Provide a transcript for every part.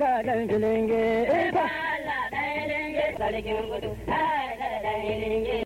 ka ɗan filinge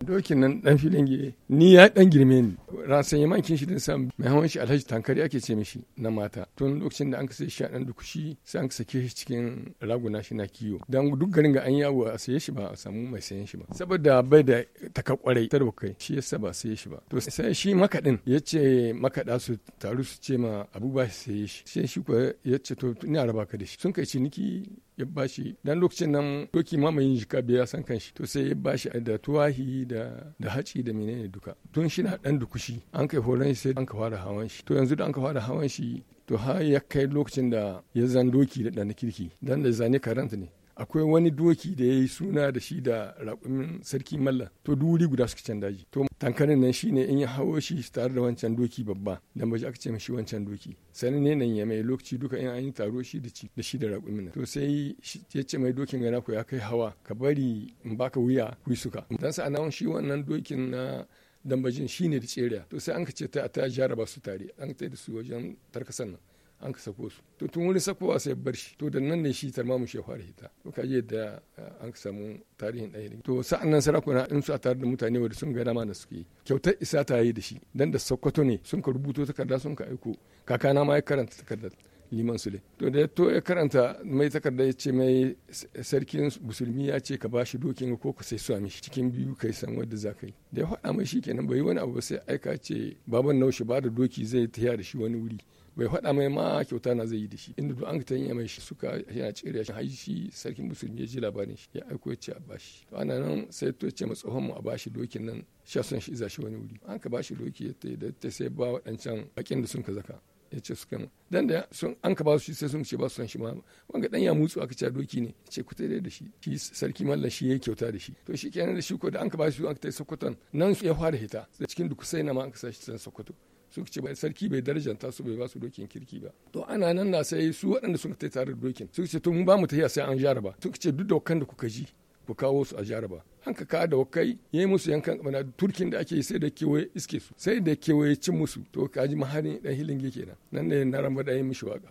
dokin nan ɗan filinge ni ya ɗan girme ni rasan kinshi din sam mai hawan shi alhaji tankari ake ce mishi na mata tun lokacin da an kasa shi a dan dukushi sai an sake shi cikin raguna shi na kiwo. dan duk garin ga an yawo a saye shi ba a samu mai sayen shi ba saboda bai da taka kwarai tarwa kai shi yasa ba saye shi ba to sai shi makaɗin. Ya ce makaɗa su taru su ce ma abu ba shi saye shi sai shi ya ce to ina raba ka da shi sun kai ciniki ya bashi dan lokacin nan doki ma mai jika ya san kanshi to sai ya bashi da tuwahi da da haci da menene duka tun shi na dan dukushi an kai horon shi sai an ka fara hawan shi to yanzu da an ka fara hawan shi to har ya kai lokacin da ya zan doki da dan kirki dan da zane karanta ne akwai wani doki da ya yi suna da shi da raƙumin sarki mallan to duri guda suka can daji to tankarin nan shine in ya hawo shi tare da wancan doki babba dan baji aka ce mishi wancan doki sanin ne nan ya mai lokaci duka in an yi taro shi da da shi da raƙumin nan to sai ya ce mai dokin gana ku ya kai hawa ka bari in baka wuya ku suka dan sa anawon shi wannan dokin na dambajin shine da tseriya to sai an ka ce ta ta jaraba su tare an ta da su wajen tarkasan nan an ka sako su to tun wuri sakowa sai bar shi to da nan ne shi tarma mu shehu hita to ka je da eh, an ka samu tarihin ɗaya to sa'an nan sarakuna in su a tare da mutane wanda sun ga dama da suke kyautar isa ta yi da shi dan da sokoto ne sun ka rubuto takarda sun ka aiko kakana ma ya karanta takarda liman sule to da to ya karanta mai takarda ya ce mai sarkin musulmi ya ce ka bashi dokin ko ka sai suwa mishi cikin biyu kai san wanda za ka yi da ya faɗa mai shi kenan bai wani abu ba sai aika ce baban naushe ba da doki zai tafiya da shi wani wuri bai faɗa mai ma kyauta na zai yi da shi inda duk an ka mai shi suka yana cire shi har shi sarkin musulmi ya ji labarin shi ya aiko ya ce a bashi to ana nan sai to ce mu tsohon mu a bashi dokin nan sha son shi za shi wani wuri an ka bashi doki ya ta da ta sai ba waɗancan bakin da sun ka zaka ya ce su kama dan da sun an ka ba su sai sun ce ba su son shi ma wanga dan ya mutsu aka ce doki ne ce ku tare da shi shi sarki mallan shi yayi kyauta da shi to shi kenan da shi ko da an ka ba shi an ka tai sokoton nan ya fara hita cikin dukusai na ma an ka sa shi sokoto suka ce sarki bai darajanta su bai ba su dokin kirki ba to ana nan na sai su waɗanda suka tai tare da dokin suka ce to mun ba mu tafiya sai an jaraba suka ce duk da wakan da kuka ji ku kawo su a jaraba an ka kawo da wakai ya yi musu yankan kamar turkin da ake yi sai da kewaye iske su sai da kewaye cin musu to kaji maharin dan hilin ke kenan nan ne na ramba da yi mishi waka